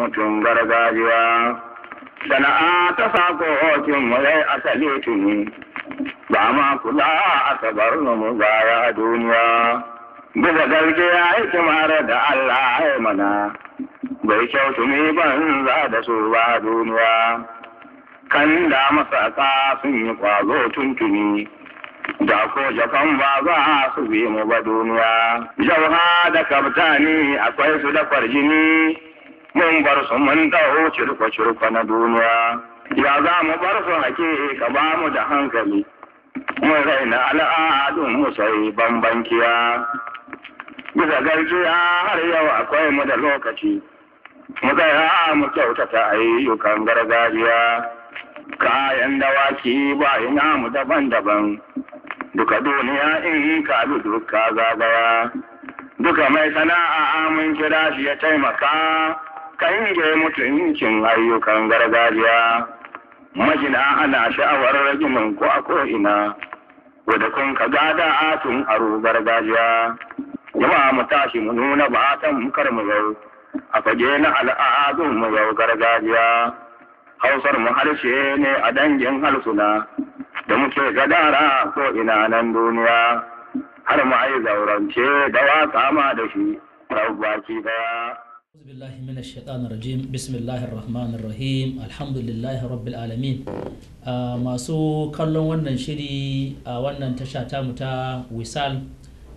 mutum gargajiya sana'a ta sakokin mulai asali tuni ba ma kula a sabar mu gaya duniya buga gargiya hikimar da Allah ya mana bai kyautu ne banza da su ba duniya kan da masaka sun yi kwazo tuntuni da ko jakan ba za su bi mu ba duniya jauha da kabtani akwai su da farjini mun bar su mun taho cirkwa-cirkwa na duniya ya za mu bar su hake ka ba mu da hankali mun raina al'adun mu sai bambankiya bisa garkiya har yau akwai mu da lokaci mu tsaya mu kyautata ayyukan gargajiya kayan dawaki ba ina mu daban-daban duka duniya in ka bi duka gagawa. duka mai sana'a mun kira shi ya taimaka kan da ya mutu inkin ayyukan gargajiya majina ana sha'awar rajimin ku a ko'ina wadda kun ka gada atun aro gargajiya Yawa mu tashi mu nuna ba'atan kar mu yau a fage na al'adun mu yau gargajiya hausar mu harshe ne a dangin halsuna da muke gadara ko ina nan duniya har mu ai zaurance da waka ma da shi baki daya أعوذ بالله من الشيطان الرجيم بسم الله الرحمن الرحيم الحمد لله رب العالمين masu kallon wannan shiri a ah, wannan tasha ta muta wisal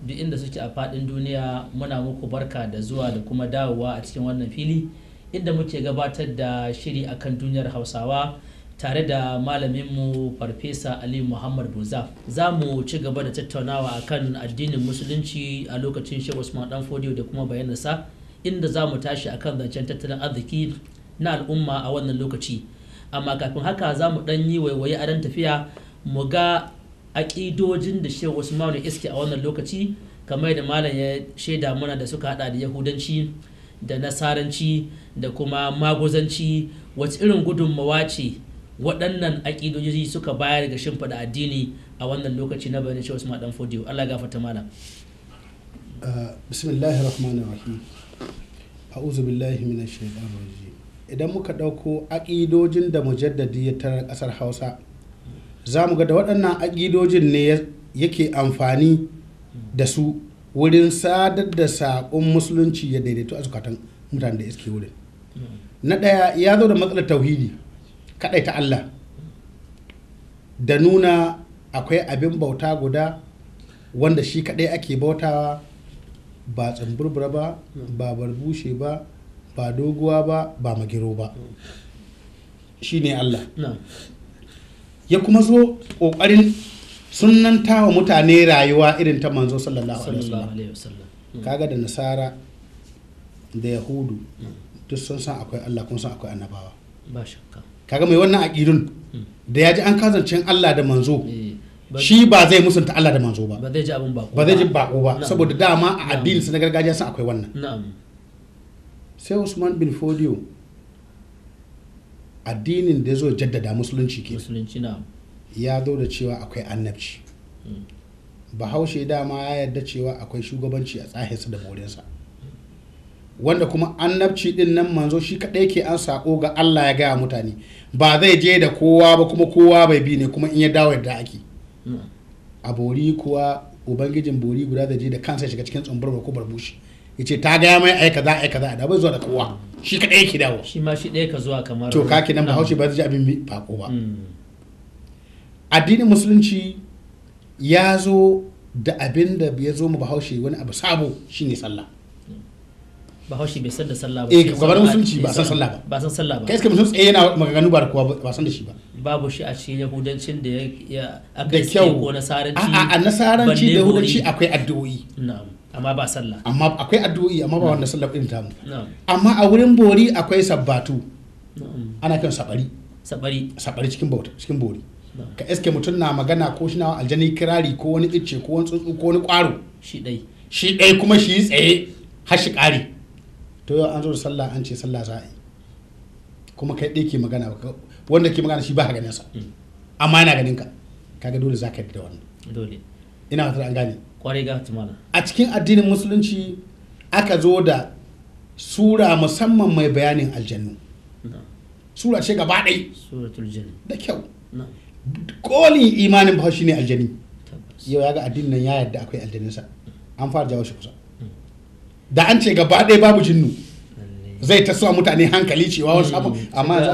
duk inda suke a fadin duniya muna muku barka da zuwa da kuma dawowa a cikin wannan fili inda muke gabatar da shiri akan duniyar hausawa tare da malaminmu farfesa ali muhammad buza za mu ci gaba da tattaunawa akan addinin musulunci a lokacin shehu usman dan fodiyo da kuma bayanansa inda za mu tashi a kan zancen tattalin arziki na al'umma a wannan lokaci amma kafin haka za mu ɗan yi waiwaye a dan tafiya mu ga aƙidojin da shehu ma'aunin iske a wannan lokaci kamar da malam ya shaida mana da suka haɗa da yahudanci da nasaranci da kuma magozanci wace irin gudunmawa ce waɗannan aƙidoji suka bayar ga shimfiɗa addini a wannan lokaci na bayanin shehu usman dan fodiyo allah gafarta malam ah, bismillahir a'udhu billahi minash shaitanir rajim idan muka ɗauko aƙidojin da mujaddadi ya tarar ƙasar hausa za mu ga da waɗannan aƙidojin ne yake amfani da su wurin sadar da saƙon musulunci ya daidaito a zukatan mutane da iske wurin na ɗaya ya zo da matsalar tauhidi kaɗai ta Allah da nuna akwai abin bauta guda wanda shi kaɗai ake bautawa ba tsamburbura ba ba barbushe ba ba doguwa ba ba magiro ba shi ne Allah ya kuma zo ƙoƙarin sunanta wa mutane rayuwa irin ta manzo sallallahu alaihi wasallam hmm. kaga da nasara da yahudu hmm. duk sun san akwai Allah kuma sun akwai annabawa ba shakka kaga mai wannan aqidun hmm. da ya ji an kazancin Allah da manzo eh. shi ba zai musunta Allah da manzo ba ba zai ji abin bako ba saboda dama a addini gargajiya sun akwai wannan sai Usman bin Fodio addinin da zo jaddada musulunci ke musulunci ya zo da cewa akwai annabci hmm. bahaushe dama ya yarda cewa akwai shugabanci a tsahinsa da morinsa wanda kuma annabci din nan manzo shi kaɗai ke an sako ga Allah ya gaya mutane ba zai je da kowa ba kuma kowa bai bi ne kuma in ya dawo yadda ake a bori kuwa ubangijin bori guda da je da kansa shiga cikin tsumbar ko barbushi ya ce ta gaya mai aika za aika za da bai zuwa da kowa shi ka ɗaya ke dawo shi ma shi ɗaya ka zuwa kamar to ka kinan ba haushi ba zai abin fako ba mm. addinin musulunci ya zo da abin da ya zo mu bahaushe wani abu sabo shine sallah bahaushe bai san da sallah ba eh gabar musulunci ba san sallah ba ba san sallah ba kai iska musulunci eh yana maganganu ba kuwa ba san da shi ba babu shi a cikin yahudancin da ya aka ce ko nasaranci a a nasaranci da yahudanci akwai addu'o'i na'am amma ba sallah amma akwai addu'o'i amma ba wanda sallah din tamu amma a wurin bori akwai sabbatu ana kan sabari sabari sabari cikin bauta cikin bori ka eske mutum na magana ko shi na aljani kirari ko wani icce ko wani tsuntsu ko wani kwaro shi dai shi dai kuma shi tsaye har shi kare to yau an zo da sallah an ce sallah za a yi kuma kai ɗaya ke magana wanda ke magana shi ba ganin sa amma yana ganin ka kaga dole za ka yi da wannan dole ina fatar an gane kwarai ga tumana a cikin addinin musulunci aka zo da sura musamman mai bayanin aljannu sura ce gaba ɗai da kyau kolin imanin bahaushe ne aljani yau ya ga addinin nan ya yarda akwai aljaninsa an fara jawo shi kusa da an ce gaba ɗaya babu jinnu zai ta sa mutane hankali cewa wani hmm. abu amma za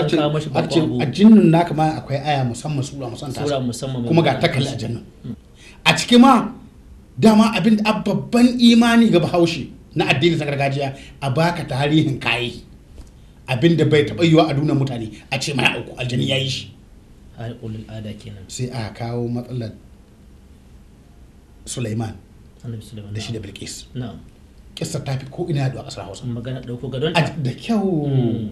a ce a jinnun na kama akwai aya musamman sura musamman kuma ga takali a jannan hmm. a ciki ma dama abin da babban imani ga bahaushe na addini na gargajiya a baka tarihin kayi abin da bai taɓa yiwa a duniyar mutane a ce mai uku aljani ya yi shi sai a kawo matsalar Suleiman da shi da Bilkis kissa ta fi ko ina yadda a ƙasar hausa magana ɗauko gadon da kyau hmm.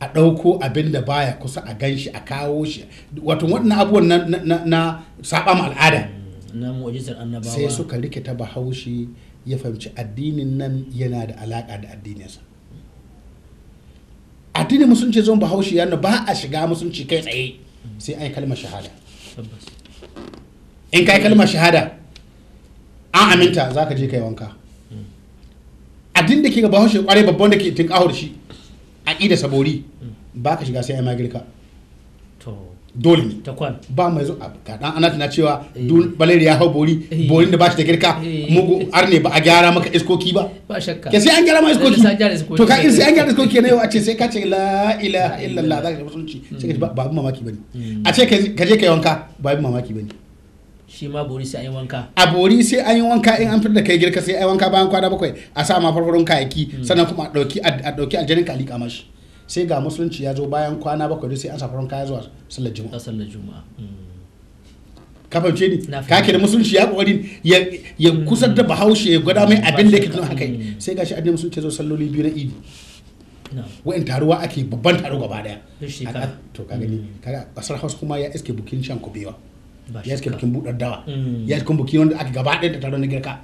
a ɗauko abin da baya kusa a gan shi a kawo shi wato waɗannan abubuwan na, na, saba ma al'ada hmm. na mu'ajizar annabawa sai suka rikita bahaushe ya fahimci addinin nan yana da alaƙa da addininsa addinin musulunci zon bahaushe yana ba a shiga musulunci kai tsaye sai yi kalmar shahada in kai kalmar shahada an aminta za ka je kai wanka addin da ke ga bahaushe kwarai babban da ke tinkaho da shi a ƙida sabori ba ka shiga sai ai magirka dole ne ba mai zo a kaɗan ana tana cewa eh. baleri ya hau bori eh. borin da ba shi da girka eh. mugu ar ne ba a gyara maka iskoki ba ke sai an gyara ma iskoki to ka in sai an gyara iskoki na yau a ce sai ka ce la ilaha illallah za ka musulunci sai ka ce babu mamaki ba ne hmm. a ce ka je ka yi wanka babu mamaki ba ne shi ma bori sai an yi wanka a bori sai an yi wanka in an fitar da kai girka sai an yi wanka bayan kwana bakwai a sa ma farfaron kayaki hmm. sannan kuma a dauki a dauki aljanin ka liƙa mashi sai ga musulunci ya zo bayan kwana bakwai sai an sa farfaron kaya zuwa sallar juma'a sallar juma'a hmm. ka fahimce ni ka ke da musulunci ya kokari ya hmm. kusa da bahaushe ya gwada mai abin da yake tun hakai sai gashi addinin musulunci zo salloli biyu na idi wa'in taruwa ake babban taro gaba daya to ka gani kaga kasar hausa kuma ya iske bukin shan kubewa ya suke bikin buɗar dawa ya kuma bikin wanda aka gaba ɗaya da taron na girka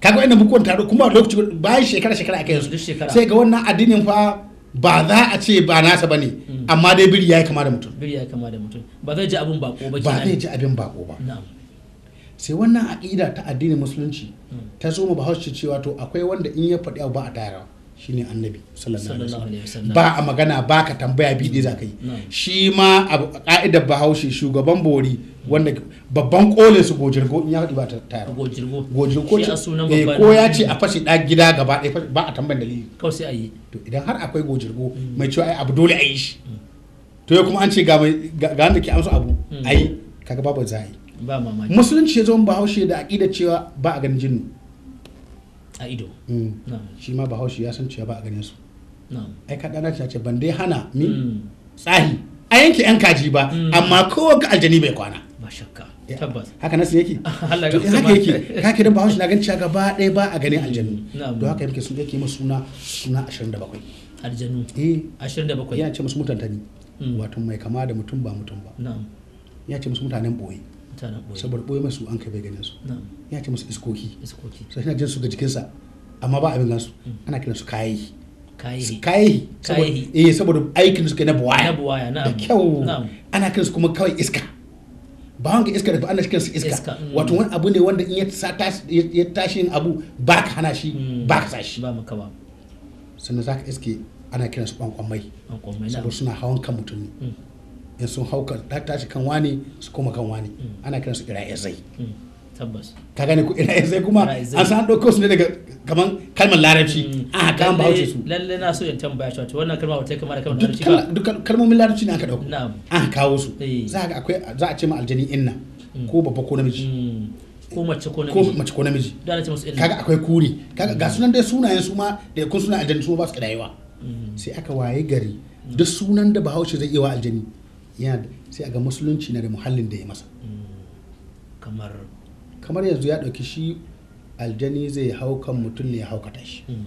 kaga wannan bukuwan taro kuma lokaci bayan shekara shekara aka yi sai ga wannan addinin fa ba za a ce ba nasa ba ne mm. amma dai biri ya yi kama da mutum biri ya yi kama da mutum ba zai ji abin bako ba ba zai ji abin bako ba sai wannan aƙida ta addinin musulunci mm. ta zo mu bahaushe cewa to akwai wanda in ya faɗi abu ba a tayarwa shine annabi sallallahu alaihi wasallam ba a magana ba ka tambaya bi ne za ka yi shi ma a ka'idar bahaushe shugaban bori wanda babban kole su gojirgo in ya haɗu ba ta tayar gojirgo gojirgo ce eh, ko ya ce a fashe ɗa gida gaba ɗaya ba a tambayin dalili kawai sai a yi to idan har akwai gojirgo mm. mai cewa ai abu dole a yi shi mm. to ya kuma an ce ga wanda ke amsa abu mm. a yi kaga babu za a yi musulunci ya zo bahaushe da aƙidar cewa ba a ganin jinnu a ido mm. shi ma bahaushe ya san cewa ba a ganin su ai ka dana ce ban dai hana mi mm. tsahi a yanke yan kaji ba mm. amma kowa ga aljani bai kwana ba shakka tabbas haka nasu yake to haka yake ka kidan bahaushe na ganin cewa gaba ɗaya ba a ganin aljanu don haka yake sun yake masu suna suna 27 aljanu eh 27 yana ce musu mutantani wato mai kama da mutum ba mutum ba ya ce musu mutanen boye saboda ɓoye masu an kai bai ganin su ya ce masu iskoki sai yana jin su ga jikinsa amma ba abin nasu mm. ana kiran su kayi kayi eh saboda aikin su kai na buwaya da kyau ana kiran su kuma kawai iska ba wanga iska da ba ana kiran su iska mm. wato wani abu ne wanda in ya tashi abu ba ka hana shi mm. ba ka sa ba sannan za ka iske ana kiran su kwankwan mai saboda suna hawan kan mutum ne in sun hauka ta tashi kan wani su koma kan wani hmm. ana kiran su ira'izai hmm. tabbas ka gane ku zai kuma an san ɗauko su ne daga kaman kalmar larabci hmm. ah, an haka an bauce su lalle na so in tambaya shi wannan kalma wata kama da kalmar larabci ba duk kalmomin larabci ne aka ɗauko an kawo su eh. za a akwai za a ce ma aljani inna ko babba ko namiji ko mace ko namiji kaga akwai kuri kaga ga sunan dai sunayen su ma da kun sunan aljani su ba su kidayewa sai aka waye gari duk sunan da bahaushe zai iya wa aljani yana sai a ga musulunci na da muhallin da ya masa kamar kamar yanzu ya ɗauki shi aljani zai hau kan mutum ne ya haukata shi hmm.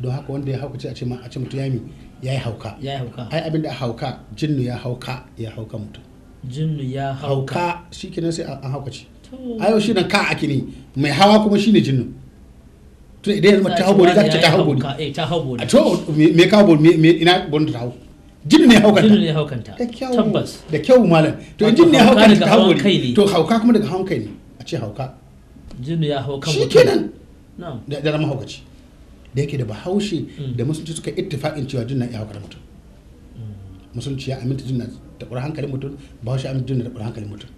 don haka wanda ya haukace a ce a ce mutum ya mi ya yi hauka ya hauka ai abin da hauka jinnu ya hauka ya hauka mutum jinnu ya hauka shi kenan sai an haukace ayo shi nan ka ake ne mai hawa kuma shi ne jinnu to idan zama ta hau bori za ta hau bori eh, ta hau A to me ka bori ina bori ta hau jin ne haukanta haukanta da kyau tabbas da kyau malam to jin ne haukanta ta ne to hauka kuma daga kai ne a ce hauka jin ya hauka shi kenan da da mahaukaci da yake da bahaushe mm. da musulunci suka ittifaqin cewa jin na iya haukar mutum mm. musulunci ya aminta jin na kura hankalin mutum bahaushe aminta jin na kura hankalin mutum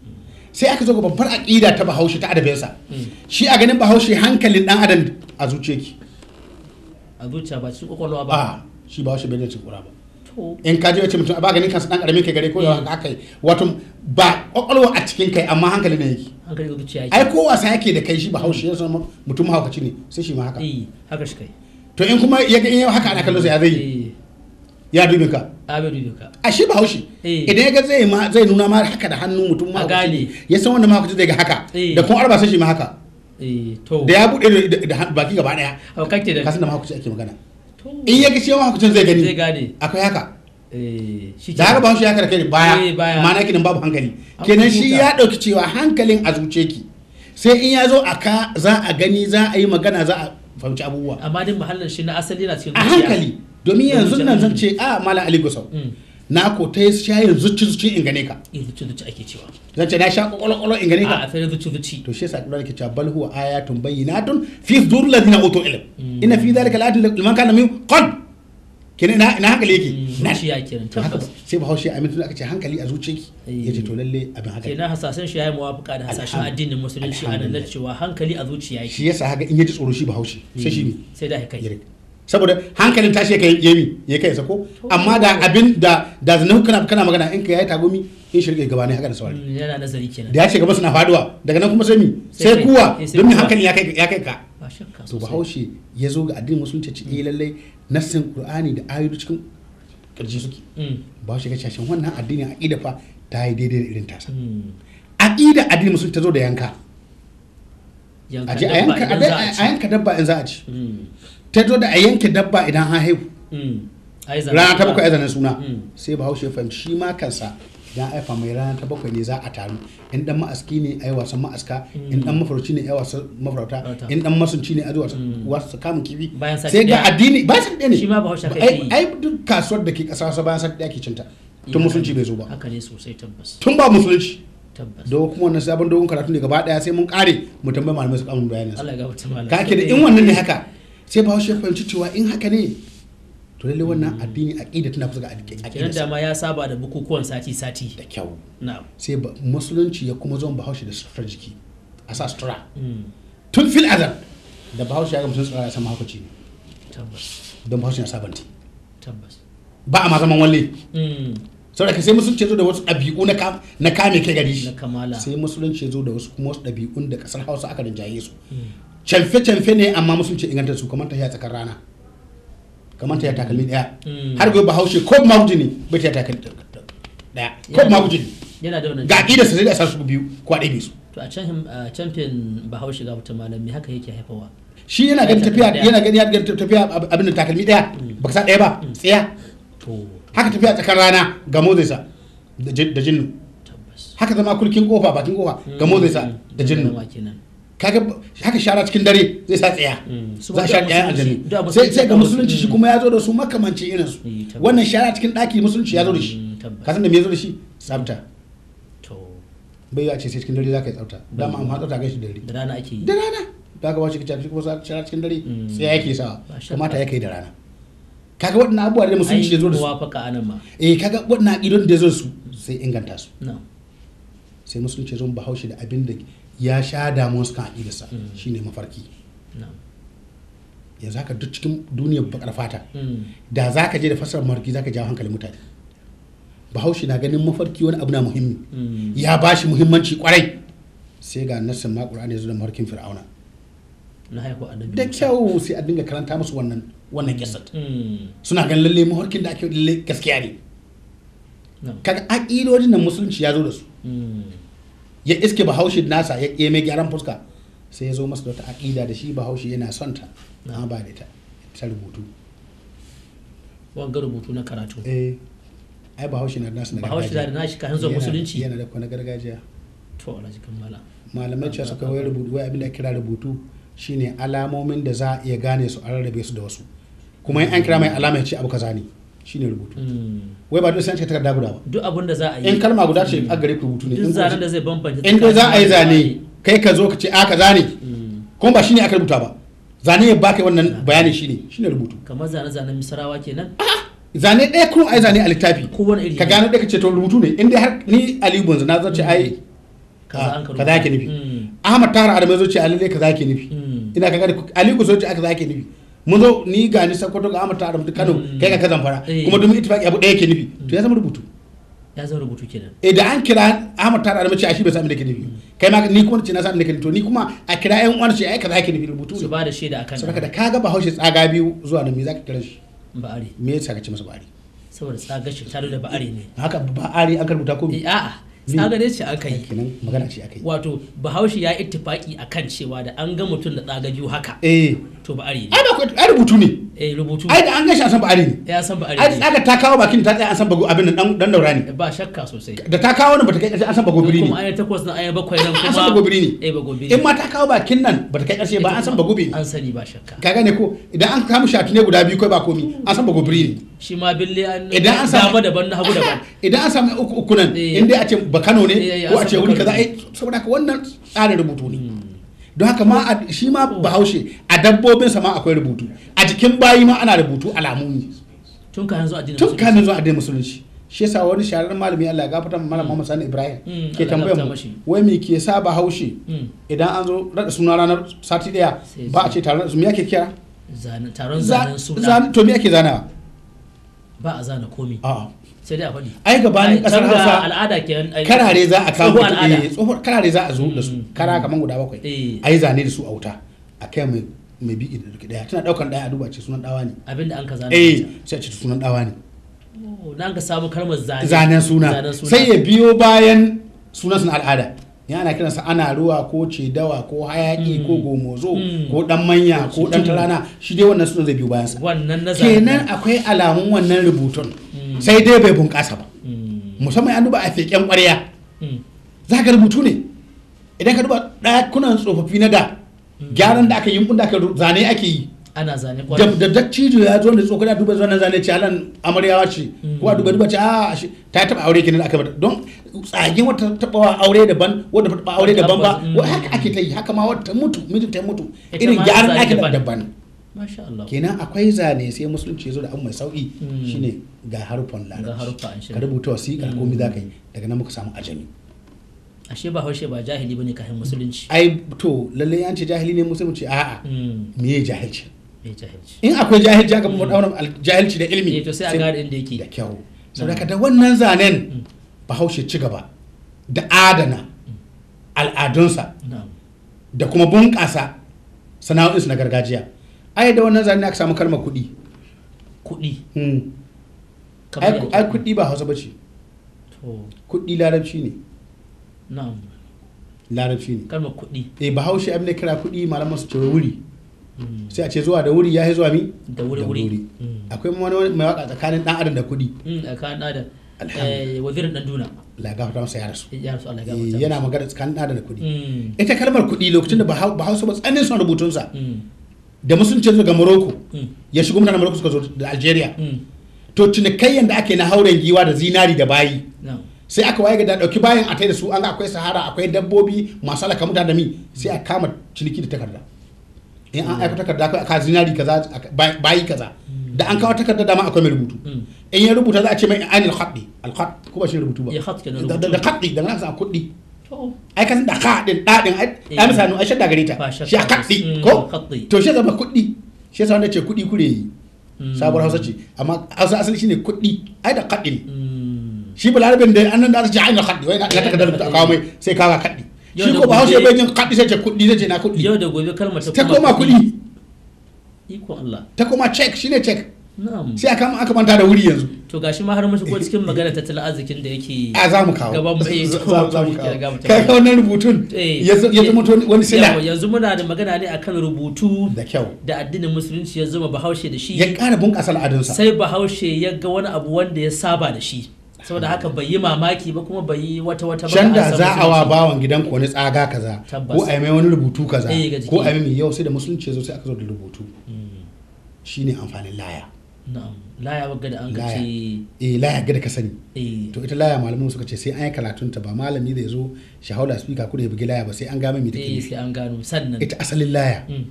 sai aka zo ga babbar aƙida ta bahaushe ta adabinsa mm. shi a ganin bahaushe hankalin dan adam a zuciya ki a zuciya ba cikin ƙwaƙwalwa ba shi bahaushe bai da cikin ba in ka ji wace mutum ba ganin kansu dan karamin kai gare ko yawa haka eh. kai wato ba kwakwalwa a cikin kai amma hankali ne yake hankali ai ko wasa yake da kai shi ba haushi ya san mutum haukaci ne sai shi ma haka eh haka shi kai to in kuma ya ga in haka ana kallon sa ya zai eh. ya dubi ka a bai dubi ka a shi ba haushi eh. idan ya ga zai ma zai nuna ma haka da hannun mutum ma gane ya san wanda ma haka zai ga haka da kuma arba sai shi ma haka to. da ya bude da baki gaba daya haukace da kasan da ma haka ake magana in ya kishi yawan hakucin zai gani akwai haka eh, da haka ba shi ya karkare eh, baya ma'ana kinin babu hankali kenan shi ya ɗauki cewa hankalin a zuce ki sai in ya zo a ka za a gani za a yi magana za a fahimci abubuwa amma din mahallin shi na asali na cikin a hankali domin yanzu nan zan ce a ah, mala ali na ko ta yi shayin zuci zuci in gane ka in zuci zuci ake cewa zan ce na sha kokolo kokolo in gane ka a sai zuci zuci to shi yasa kula ke cewa bal huwa ayatun bayyinatun fi sudur ladina utul ilm mm. inna fi dhalika la'atin liman kana min qad kene na ina hankali yake mm, na shi ya kiran haka sai bahaushe a mintuna aka ce hankali a zuciyarki eh. yace to lalle abin haka kenan hasasan shi yayi muwafaqa da hasashen addinin musulunci ana nan cewa hankali a zuciya yake shi yasa haka in yaji tsoro shi bahaushe sai shi mm. sai da kai saboda hankalin tashi kai yemi ya kai sako amma da abin da da zanen kana kana magana in ka yayi tagomi in shirge gaba ne haka da saurari mm, yana nazari kenan da ya ce gaba suna faduwa daga nan kuma sai mi sai kuwa eh, domin hankalin ya kai ya kai ka to bahaushe ya zo ga addinin musulunci ce eh lallai nassin qur'ani da ayyudu cikin kirji suke mm. bahaushe ga cashin wannan addinin aqida fa ta yi daidai da irin tasa mm. aqida addinin musulunci ta zo da yanka a yanka dabba in za a ci ta zo da a yanke dabba idan an haihu hmm. rana ta bakwai aizanin suna hmm. sai bahaushe fahimci shi ma kansa idan aifa mai rana ta bakwai ne za a taru in dan ma'aski ne a yi wasan ma'aska hmm. in dan mafarauci ne yi wasan mafarauta in dan masunci ne a yi wasan wasu kamun kibi sai ga addini ba san ne ai duk kasuwar da ke kasa wasa bayan san ɗaya ke cinta tun musulunci bai zo ba haka ne sosai tabbas tun ba musulunci tabbas don kuma wannan sabon dogon karatu ne gaba daya sai mun kare mu tambaye malamai su kamun bayanin ka ke da in wannan ne haka sai bahaushe ya fahimci cewa in haka ne to lalle wannan hmm. addini a ƙida tana kusa ga a ƙida dama ya saba da bukukuwan sati sati da kyau sai musulunci ya kuma zon bahaushe da sutura jiki a sa sutura hmm. tun fil azal da bahaushe ya ga mutum tsara ya san mahaukaci ne tabbas don bahaushe na sabanti tabbas ba a ma zaman wale hmm. saboda sai musulunci zo da wasu ɗabi'u na kame kai gari sai musulunci zo da wasu kuma wasu ɗabi'un da ƙasar hausa aka rinjaye su calfe-calfe ne amma ce inganta su kamar ta ya tsakar rana kamar ta ya takalmi daya hmm. har gobe bahaushe ko maguji ne bai ta ya takalmi daya ko maguji ne yana da wannan ga ƙida su sai da su biyu ko ɗaya su to a can champion bahaushe ga mutum malami haka yake haifawa shi yana ganin tafiya yana ganin tafiya abin da takalmi daya hmm. Ba ka sa daya ba tsaya haka tafiya tsakar rana ga sa. da jinnu haka zama kulkin kofa bakin kofa ga hmm. sa. da jinnu kaga haka shara cikin dare zai sa tsaya mm. za sha tsaya a jami sai ga musulunci shi kuma ya zo da su makamancin irin su mm, wannan shara cikin daki musulunci ya zo da shi mm, ka san da me ya zo da shi tsafta bai ya ce sai cikin dare za ka yi tsafta dama amma tsafta ga da dare da rana ake yi da rana da ka wace kici kuma shara cikin dare sai ya ke sawa kamata ya kai da rana kaga waɗannan abubuwa da musulunci ya zo da su eh kaga waɗannan idon da ya zo su sai inganta su sai musulunci ya zo bahaushe da abin da ya sha damuwa su kan aƙidarsa hmm. ne mafarki yanzu haka duk cikin duniyar bakar fata hmm. da za ka je da fasar mafarki za ka jawo hankalin mutane bahaushe na ganin mafarki wani abu na muhimmi hmm. ya ba shi muhimmanci kwarai sai ga nassan ma ƙura'ani ya zo da mafarkin fir'auna da kyau sai a dinga karanta musu wannan wannan kisat suna ganin lalle mafarkin da ake lalle gaskiya ne kaga aƙidodin nan musulunci ya zo da su ya iske bahaushe nasa ya ƙi gyaran fuska sai ya zo masa da wata aƙida da shi bahaushe yana son ta amma ba da ta ta rubutu wanga rubutu na karatu eh ai bahaushe na nasu na bahaushe da nashi kan zo musulunci yana da kwana gargajiya to alhaji kammala malamai cewa suka wai rubutu wai abin da kira rubutu shine alamomin da za a iya gane su an rarrabe su da wasu kuma in an kira mai alama ya ce abu kaza ne ne rubutu mm. wai ba duk san ta da guda ba duk abin da za a yi in kalma guda ce a gare ku rubutu ne duk zanen da zai bambanta in dai za a yi zane kai ka zo ka ce a ka zane mm. kuma ba shine aka rubuta ba zane ya baka wannan bayani shine shine rubutu kamar zane zanen misarawa kenan zane ɗaya kuma ai zane a littafi ka gane ɗaya ka ce to rubutu ne in dai har ni Aliyu Bonzo na zo ai Ka za ke nufi mm. Ahmad Tara Adamu ya zo ce a lalle za ke nufi ina ka gane Aliyu zo ce aka za ke nufi mun zo ni ga ni sakwato ga amata da mutu kano mm. kai ga kazan fara eh. kuma domin ittifaki abu ɗaya ke nufi to ya zama rubutu ya zama rubutu kenan E da an kira amata da a shi bai sami da nufi mm. kai ma ni kuma ce na sami da nufi to ni kuma a kira ƴan uwan shi ai kaza yake nufi rubutu su ba da shaida akan saboda da kaga bahaushe tsaga biyu zuwa nan me zaka kira shi ba'ari me yasa ka ce masa ba'ari saboda tsaga shi tare da ba'ari ne eh, haka ba'ari an karbuta ko me a'a tsaga ne ce aka yi magana shi aka yi wato bahaushe ya ittifaki akan cewa da an ga mutum da tsaga biyu haka eh to ba ari ai ba rubutu ne eh rubutu ai da an gashi an san ba ari ne ya eh, san ba ari ai aka ta kawo bakin ta tsaya an san bago abin nan dan daura ne ba shakka sosai da ta kawo nan bata kai karshe an san bago biri ne kuma ai takwas na ai bakwai nan kuma an san bago biri ne eh bago biri in ma ta kawo bakin nan bata kai karshe ba an san bago biri an sani ba shakka ka gane ko idan an kamu shatu ne guda biyu kai ba komi an san bago biri ne shi ma bille an idan an samu daban na hagu daban idan an samu uku uku nan eh. inda a ce ba kano ne eh, ko a ce wuri kaza ai saboda wannan tsarin rubutu ne hmm. don haka ma shi ma bahaushe a dabbobinsa ma akwai rubutu a jikin bayi ma ana rubutu alamu ne tun ka yanzu addinin tun yanzu musulunci shi yasa wani shahararren malami Allah ya gafata malam Muhammad Sani Ibrahim mm, ke tambayar mu wai me ke sa bahaushe mm. idan an zo rada suna ranar sati daya ba a ce taron su me yake kira taron zanen suna to me yake zana ba a zana komi a'a sai dai a faɗi ai gabanin kasar hausa al'ada kenan karare za a kawo karare za a zo da su mm. kara kaman guda bakwai eh. ai zane da su a wuta a kai mai mai bi da duki daya tana daukan daya a duba ce sunan dawa ne abinda an ka zane eh sai a ce sunan dawa ne oh, dan ka samu kalmar zane zanen suna sai ya biyo bayan sunan sun al'ada ya ana sa ana ruwa ko cedawa ko hayaki ko mm. gomozo mm. ko dan manya ko dan tarana shi dai wannan sunan zai biyo bayan sa kenan akwai alamun wannan rubutun sai dai bai bunƙasa ba mm. musamman an duba a feƙen ƙwarya mm. za ka rubutu ne idan ka duba kuna tsofaffi na da mm. gyaran da aka yi da aka zane ake yi ana zane kwarai da da cijo ya zo da tsokana duba zuwa zane ce alan amaryawa ce ko a duba duba ce a ah, ta taba aure kenan aka bata don tsagin wata taba aure daban wanda ta taba aure daban ba haka ake ta yi haka ma wata mutu mijin ta mutu irin gyaran ake daban kenan akwai zane sai musulunci ya zo da abu mai sauki hmm. shine ga harufan larabci ka rubuta wasiƙa hmm. ko mi za ka yi daga nan muka samu ajami ashe ba haushe ba jahili bane kafin musulunci ai to lalle an ce jahili ne musulunci a'a hmm. me jahilci in akwai jahilci aka mu daura jahilci da ilimi eh, to sai a ga inda yake da kyau saboda da wannan zanen bahaushe ci gaba da adana al'adunsa da kuma bunƙasa sana'o'insu na gargajiya ai da wannan zane aka samu karma kuɗi kudi hmm. ai kuɗi ba hausa ba kudi kuɗi larabci ne na'am larabci ne kalmar kuɗi eh bahaushe abin da kira kuɗi malaman su ce wuri hmm. sai a ce zuwa da wuri ya yi zuwa mi da wuri wuri hmm. akwai wani mai waka tsakanin dan adam da kudi tsakanin adam eh, wazirin dan duna lagafata masa ya rasu eh, yana magana tsakanin dan adam da kuɗi ita kalmar kuɗi lokacin da ba hausa ba tsanin son rubutunsa da musulunci daga morocco mm. ya shigo mutanen morocco suka zo da algeria mm. to cinikayyan da ake na hauren giwa da zinari da bayi sai aka waye da dauki bayan a da su an ga akwai sahara akwai dabbobi masu alaka mutane da mi sai a kama ciniki da takarda in an aika takarda akwai aka zinari kaza bayi kaza mm. da an kawo takarda dama akwai mai rubutu in ya rubuta za a ce mai anil khatti al khatt ko ba shi rubutu ba da khatti da na sa kuɗi ai kasan da ka din dadin ai eh. misanu ai shadda gare ta shi a kaddi ko mm, to shi zama kuddi shi zama wanda ce kudi kure yi mm. sabuwar hausa ce amma asali shine kudi ai da kaddin mm. shi balarabin da annan da aka ce ai na kaddi wai na ta kadar ta kawo mai sai kaga kaddi shi ko ba hausa bai jin kaddi sai ce kudi sai ce na kudi yau da gobe kalmar ta koma kudi iko Allah ta koma check shine check sai a kama aka manta da wuri yanzu to gashi ma har mun shigo cikin magana tattalin arzikin da yake a za mu kawo gaban mu za mu kawo kai kawo wannan rubutun eh. ya zama wani sila yanzu muna da magana ne akan rubutu da kyau da addinin musulunci ya zama bahaushe da shi ya ƙara bunƙasa al'adunsa sai bahaushe ya ga wani abu wanda ya saba da shi saboda haka bai yi mamaki ba kuma bai yi wata wata ba da za a wa bawan gidan ko wani tsaga kaza ko a yi mai wani rubutu kaza eh, ko a yi mai yau sai da musulunci ya zo sai aka zo da rubutu hmm. shine amfanin laya laya wagga da an gace. eh laya gada ka sani eh. to ita laya malamin suka ce sai an yi karatun ta ba malami da ya zo shi haula speaker kuda ya bugi laya ba sai an gano me take eh sai an gano sannan ita asalin laya mm.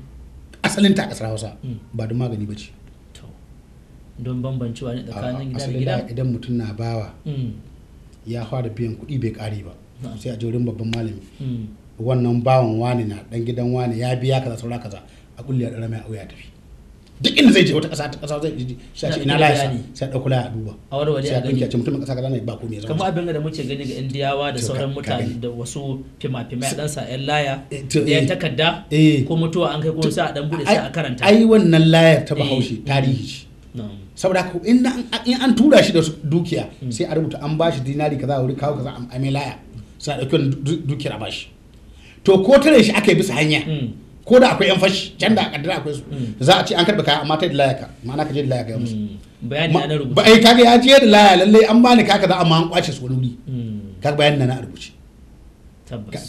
asalin ta kasar Hausa mm. ba don magani ba ce don bambancewa ne tsakanin gida da gida idan mutum na bawa mm. ya fara biyan kuɗi bai ƙare ba sai a jorin babban malami wannan bawan wani na dan gidan wani ya biya kaza saura kaza a kulle a ɗara mai auya tafi duk inda zai je wata ƙasa ta kasa zai je shi ce ina laya sai ɗauko laya duba a wani waje a gani sai mutumin ƙasa kaza ne ba komai zama kamar abin da muke gani ga indiyawa da sauran mutane da wasu fima-fima dan sa yan laya eh, da eh, takarda eh. ko mutuwa an kai ko sai a dan bude sai a karanta ai wannan layar ta bahaushe mm. tarihi ce saboda ko in an tura shi da dukiya mm. sai a rubuta an bashi dinari kaza wuri kawo kaza a mai laya sai a ɗauki dukiya bashi to ko tare shi aka yi bisa hanya mm. ko da akwai yan fashi can da kaddara akwai su hmm. za a ce an karɓi kaya amma ta da layaka ma'ana ka je da layaka ya musu hmm. bayani na rubuce ba ai eh, kaga ya je da laya lalle an bani kaka da amma an kwace su wani wuri hmm. kaga bayani na na rubuce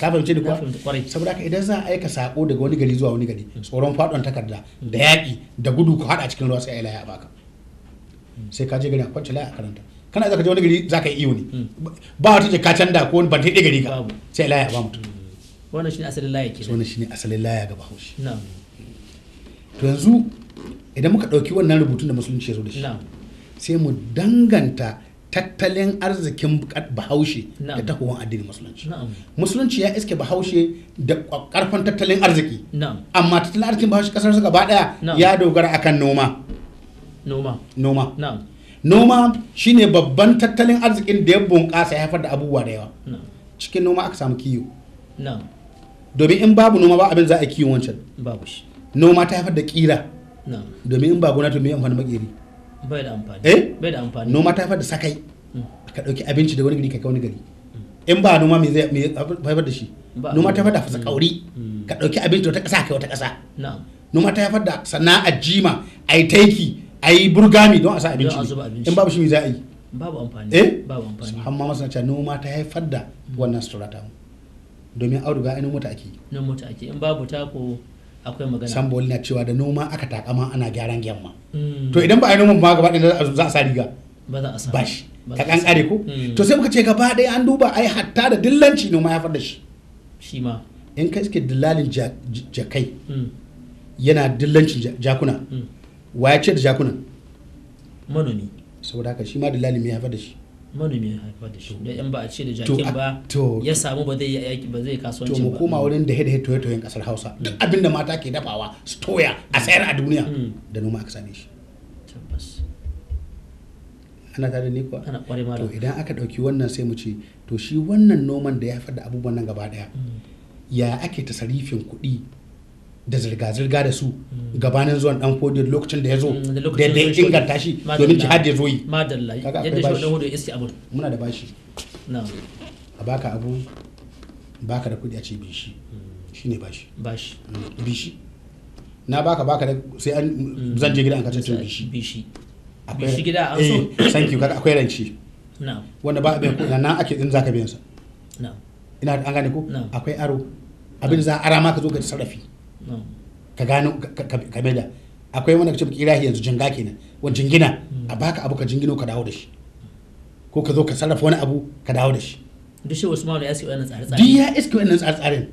ka fahimce ni kwarai saboda haka idan za a aika sako daga wani gari zuwa wani gari tsoron faɗon takarda da yaƙi da gudu ka haɗa cikin ruwa sai ai laya a baka sai ka je gari a kwance laya a karanta kana za ka je wani gari za ka yi iyo ne ba wata jika can da ko ban taɗe gari ka sai laya ba mutum wannan shine asalin laya ke wannan shine asalin laya ga bahaushe na'am to yanzu idan muka ɗauki wannan rubutun da musulunci ya zo da shi sai mu danganta tattalin arzikin bahaushe da tahowar addinin musulunci musulunci ya iske bahaushe da karfan tattalin arziki amma tattalin arzikin bahaushe kasar su gaba daya ya dogara akan noma noma noma noma shine babban tattalin arzikin da ya bunƙasa ya haifar da abubuwa da yawa cikin noma aka samu kiyo domin in babu noma ba abin za a kiwon wancan babu shi noma ta haifar da kira domin in ba gona to me amfani makeri bai da amfani eh bai da amfani noma ta haifar da sakai mm. ka dauki abinci da wani gari ka kai wani gari mm. in ba noma mai zai me haifar da shi noma ta haifar da fasa kauri mm. ka dauki abinci wata kasa kai wata kasa noma ta haifar da sana'a jima ai taiki ai burgami don a sa abinci in babu shi mai za a yi babu amfani eh babu amfani amma masana noma ta haifar da wannan sutura ta mu domin auduga ainihin mota ake nan mota ake in babu tako akwai magana sambo na cewa da noma aka takama ana gyaran gyamma hmm. to idan ba a yi noman ba gaba ɗaya za a sa riga ba za a sa ba shi ta kankare ko hmm. to sai muka ce gaba ɗaya an duba ai hatta da dillanci noma ya fada shi shi ma in kai suke dillalin jakai hmm. yana dillancin jakuna wa ya ce da jakunan manomi saboda haka shi ma dillalin mai ya haifar da shi manomi ya haifar da shi da yan ba a ce da jakin ba ya samu ba zai yaki ba zai kasuwanci ba to mu koma wurin da hede toye toyen kasar Hausa mm. duk abin da mata ke dafawa su a mm. sayar a duniya mm. da noma aka same shi tabbas ana tare ne kuwa ana kware ma to idan aka dauki wannan sai mu ce to shi wannan noman da ya haifar da abubuwan nan gaba daya ya ake tasarifin kuɗi da zirga-zirga da su gabanin zuwan dan fodiyo lokacin da ya zo mm, da ya inganta shi domin jihad ya zo yi madalla yadda shi wadda ya iske abun muna da bashi a baka abu baka da kudi a ce bishi shine mm. bashi bashi mm. bishi na baka baka da sai an zan je gida an kace bishi bishi bishi gida an eh, so thank you kaga akwai ranci wanda ba a bai kudi nan ake din zaka biyan sa ina an gane ko akwai aro abin za a ara maka zo ka sarrafi ka gano ka mai da akwai wanda kace kirahi yanzu jinga kenan wani jingina a baka abu ka jingino ka dawo da shi ko ka zo ka sarrafa wani abu ka dawo da shi duk shi Usman ya iske wannan tsare-tsare duk ya iske wannan tsare-tsaren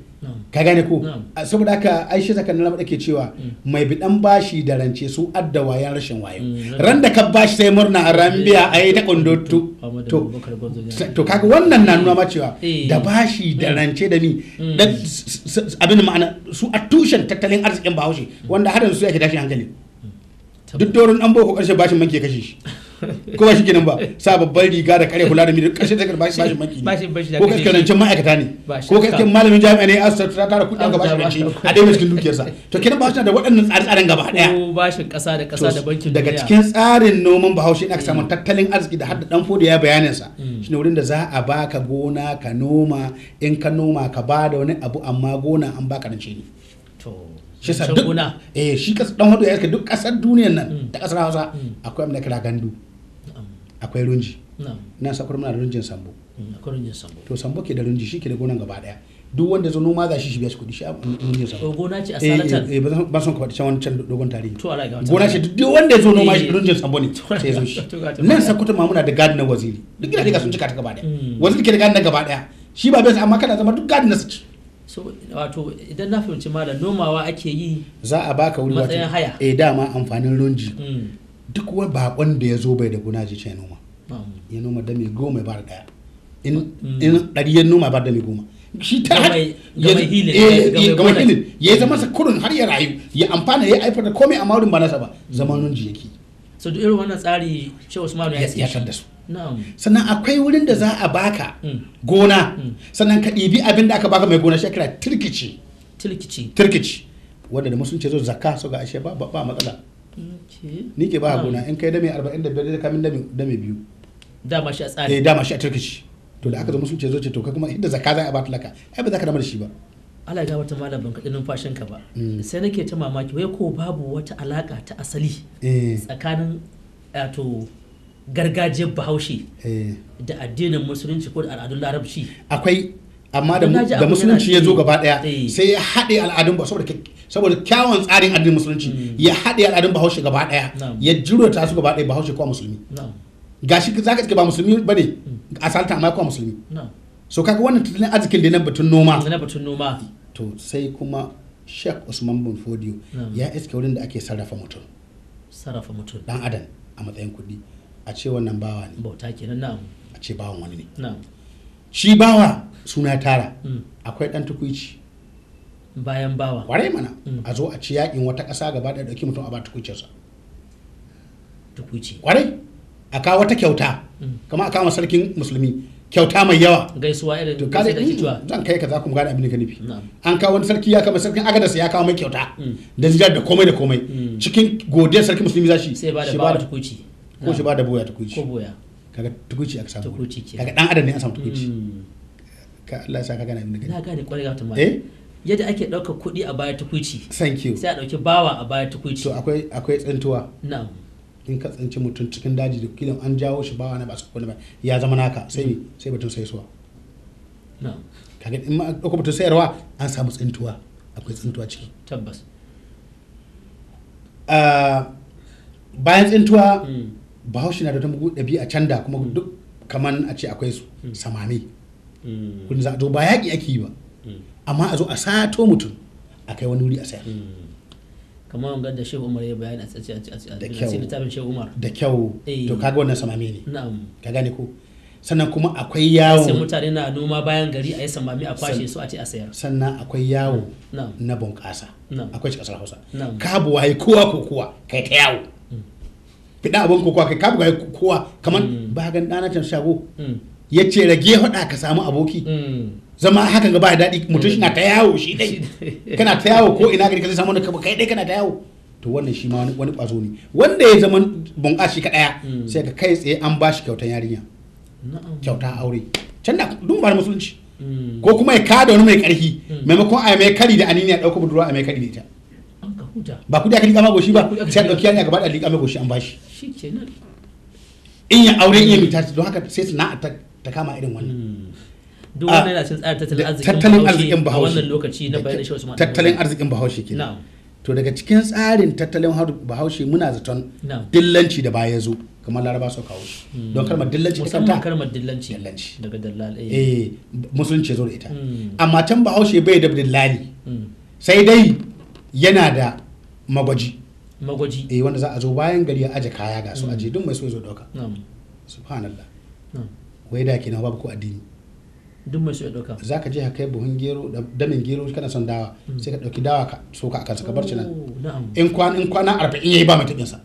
ka gane ko saboda haka aisha ta kanna da ke cewa mm. mai bidan bashi da rance su adda wayan rashin wayo mm, ran da ka bashi sai murna a rambiya eh, a yi ta kundotu to kaga wannan na nuna ma cewa eh. da bashi da mm. rance da ni abin ma'ana su a tushen tattalin arzikin bahaushe wanda harin su yake tashin hankali duk doron an boko karshe bashin man ke kashe shi kuma shi kenan ba sa babban riga da kare hula da mi kashe da karba shi maki ko kaskanancin ma'aikata ne ko kashe malamin jami'a ne asar ta tara ga bashi shi a daina cikin dukiyarsa to kenan na da waɗannan tsare-tsaren gaba daya ko bashin kasa da kasa da bankin daga cikin tsarin noman bahaushe ina samun mm. tattalin arziki da hadda dan fodo ya bayanin sa mm. shine wurin da za a baka gona ka noma in ka noma ka ba da wani abu amma gona an baka rance ne shi sa duk eh shi kasa dan ya duk kasar duniyar nan mm. da kasar Hausa akwai amna kira gandu akwai runji nan sakwar muna da mm, runjin sambo to sambo ke da runji shi ke da gonan gaba daya duk wanda zo noma za shi shi biya shi kudi shi a runjin sambo gona ce a eh, salatar eh ba son ka faɗi can can dogon tarihi gona ce duk wanda zo noma shi eh. runjin sambo ne sai zo shi nan sakwata ma muna da gardener waziri duk gidaje ka sun cika ta gaba daya mm. waziri ke da gardener gaba daya shi ba bai amma kana zama duk gardener su so wato idan na fahimci malam nomawa ake yi za a baka wuri matsayin haya eh dama amfanin runji mm. duk wani bakon da ya zo bai da gona ce noma ya noma da mai goma ba da daya mm. in ɗari ya noma ba da mai goma shi ta gama eh, eh, hilin ya zama sa kurun har ya rayu ya amfana ya haifar da komai a maurin ba nasa ba zamanin ji yake so da irin wannan tsari shi usmanu ya tsiyashar da su sannan akwai wurin da za a baka mm. gona mm. sannan ka ɗibi abin da aka baka mai gona shi kira turkici tirkici wanda da musulunci zo zakka so ga ashe ba matsala ni ke ba gona in kai dame 45 da kamin mai biyu dama shi a tsari eh dama shi a turkish to da aka zo musulunci zo ce to kai kuma inda zakka za a ba talaka ai ba za ka dama da shi ba Allah ya gabata malam ban kaɗi numfashin ka ba mm. sai nake ta mamaki wai ko babu wata alaka ta asali eh. tsakanin wato gargajiyar bahaushe eh. da addinin musulunci ko da al'adun larabci akwai amma da musulunci ya zo gaba daya eh. sai ya haɗe al'adun ba saboda saboda kyawun tsarin addinin musulunci hmm. ya haɗe al'adun bahaushe gaba daya ya ta su gaba daya bahaushe kuwa musulmi gashi za ka ba musulmi ba ne hmm. a salta amma kuwa musulmi so kaga wannan tattalin arzikin da na batun noma na batun noma to sai kuma Sheikh Usman bin Fodiyo ya iske wurin da ake sarrafa mutum sarrafa mutum dan adam a matsayin kuɗi a ce wannan bawa ne bauta kenan na'am a ce bawan wani ne na'am shi bawa suna tara mm. akwai dan tukuici bayan bawa ware mana mm. a zo a ci yakin wata ƙasa gaba da dauki mutum a ba tukuicinsa tukuici ware a kawo wata kyauta mm. kama a kama sarkin musulmi kyauta mai yawa gaisuwa irin to kaza da zan kai ka za ku gane abin da ka nufi an kawo wani sarki ya kama sarkin agadas ya kawo mai kyauta da zijar da komai da komai cikin godiyar sarkin musulmi za shi sai ba da bawa tukuici ko shi ba da boya tukuici ko boya kaga tukuci aka samu kaga dan adam ne an samu tukuci hmm. ka Allah sa ka gana min gani na gane kwarai ga tumani eh yadda ake ɗaukar kuɗi a baya tukuci thank you sai a dauki bawa a baya tukuci to akwai akwai tsantuwa na'am in ka tsanci mutum cikin daji da kilan an jawo shi bawa na ba su kuma ba ya zama naka sai hmm. sai batun sai suwa na'am kaga in ma ɗauko batun sayarwa an samu tsantuwa akwai tsantuwa ciki tabbas ah, bayan tsintuwa hmm. bahaushe na da ta mugu ɗabi'a can da kuma duk kaman a ce akwai hmm. samami hmm. kun za to ba yaƙi ake yi ba hmm. amma a zo a sato mutum a kai wani wuri a sayar kamar wanga da shehu umar ya bayani a tsaye littafin shehu umar da kyau eh. to kaga wannan samami ne ka gane ko sannan kuma akwai yawo sai mutane na noma bayan gari a yi samami a kwashe su a ce a sayar sannan akwai yawo na bunƙasa akwai ci ƙasar hausa kabuwa kowa ko kowa kai ta yawo fida abin kokowa kai ka buga kowa kamar mm. ba gan dana can shago mm. ya ce rage faɗa ka samu aboki mm. zama hakan ga ba daɗi mutum shi na ta yawo shi dai kana ta yawo ko ina gari ka samu wani kai dai kana ta yawo to wannan shi ma wani ƙwazo ne wanda ya zama bunƙasa shi ka sai ka kai tsaye an ba shi kyautan yarinya kyauta aure can da dun ba musulunci ko kuma ya kada wani mai ƙarfi maimakon a mai kari da anini ya ɗauka budurwa a mai kari da ita huta ba kudi aka liƙa ma goshi ba sai a ɗauki yanya gaba da liƙa ma goshi an bashi shikenan in ya aure in ya mita don haka sai sana'a ta kama irin wannan hmm. duk wannan ah, yana cin tsarin tattalin arzikin bahaushe wannan lokaci na bayanin shi Usman tattalin arzikin bahaushe kenan to daga cikin tsarin tattalin bahaushe muna zaton dillanci da baya zo kamar laraba su kawo shi hmm. don kalmar dillanci ta kanta dillanci dillanci daga dallal eh, eh musulunci zo da ita hmm. amma can bahaushe bai da dillali sai dai yana da magwaji magwaji eh wanda za a zo bayan gari ya aje kaya ga su aje mm. duk mai so ya zo dauka subhanallah wai da kenan babu ko addini duk mai so ya dauka za ka je ka kai buhun gero damin gero kana son dawa mm. sai ka dauki dawa ka soka akan ka bar ci nan oh, in kwana in kwana 40 yayi ba mai tabin sa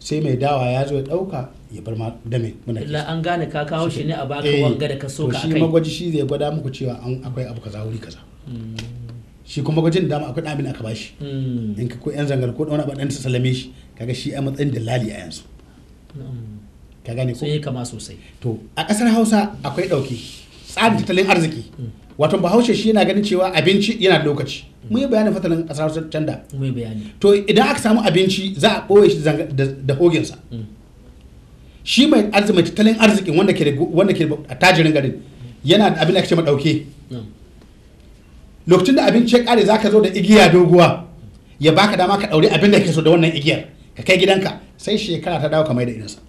sai mai dawa ya zo ya dauka ya bar ma damin muna la an gane ka kawo shi ne a baka eh, wanga da ka soka akai to shi magwaji shi zai gwada muku cewa an akwai abu kaza wuri kaza mm. shi kuma gwajin dama akwai ɗamin aka bashi hmm. in ka ko yan zangar ko ɗauna abadan su salame shi kaga shi a matsayin dalali a yanzu hmm. ka gane ko kama sosai to a ƙasar Hausa akwai ɗauki tsarin tattalin arziki hmm. wato bahaushe shi yana ganin cewa abinci yana da lokaci mun yi bayanin fatalin ƙasar Hausa can da mun yi bayani to idan aka samu abinci za a ɓoye shi da hoginsa shi mai arziki tattalin arzikin wanda ke da a tajirin garin yana da abin da ake ce ma ɗauke lokacin da abinci ya kare zaka zo da igiya doguwa ya baka dama ka dauri abin da ke so da wannan igiyar ka kai gidanka sai shekara ta dawo ka mai da inasa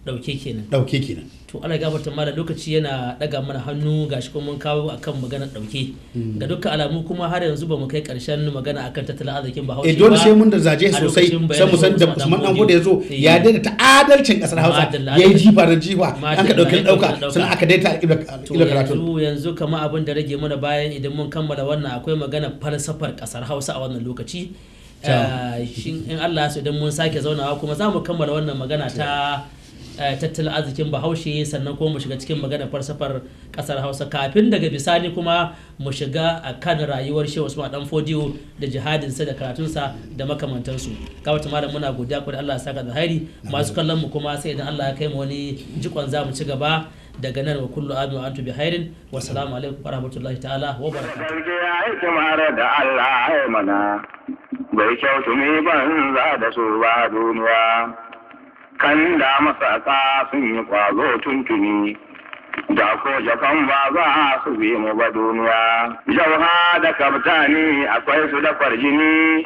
dauke kenan dauke kenan to Allah ya gafarta mala lokaci yana daga mana hannu gashi kuma mun kawo akan magana dauke hmm. ga dukkan alamu kuma har yanzu ba mu kai karshen magana akan tattalin arzikin ba Hausa eh dole sai mun da zaje sosai sai mu san da Usman dan gode yazo eh. ya daina ta adalcin kasar Hausa yayi jifa da jifa an ka dauke dauka sannan aka daita ila karatu yanzu kama abin da rage mana bayan idan mun kammala wannan akwai magana falsafar kasar Hausa a wannan lokaci eh, Shin in Allah ya so idan mun sake zaunawa kuma za mu kammala wannan magana ta Eh, tattalin arzikin bahaushe sannan kuma mu shiga cikin magana farsafar kasar hausa kafin daga bisani kuma mu shiga a kan rayuwar shehu usman dan fodiyo da jihadinsa da karatunsa da makamantansu ga wata malam muna godiya ku da Allah ya saka da hairi masu kallon mu kuma sai idan Allah ya kai mu wani jikon za mu ci gaba daga nan wa kullu abin wa antu bi hairin wa salamu alaikum wa rahmatullahi ta'ala wa barakatuh bai kyautu ni ban da su ba duniya kan da masaka sun yi kwazo tuntuni da ko jakan ba za su bi mu ba duniya jauha da kabtani akwai su da farjini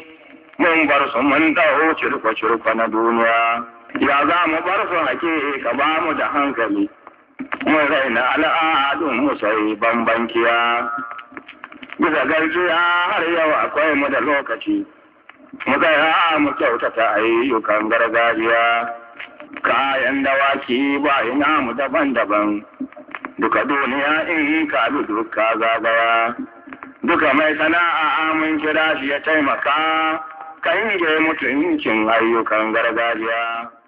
mun bar su mun o cirko cirko na duniya ya za mu bar su hake ka ba mu da hankali mun raina al'adun mu sai bambankiya bisa garkiya har yau akwai mu da lokaci mu tsaya mu kyautata ayyukan gargajiya kayan dawaki ba ina mu daban-daban duka duniya in ka bi duka zagawa duka mai sana'a mun kira shi ya taimaka kan je mutuncin ayyukan gargajiya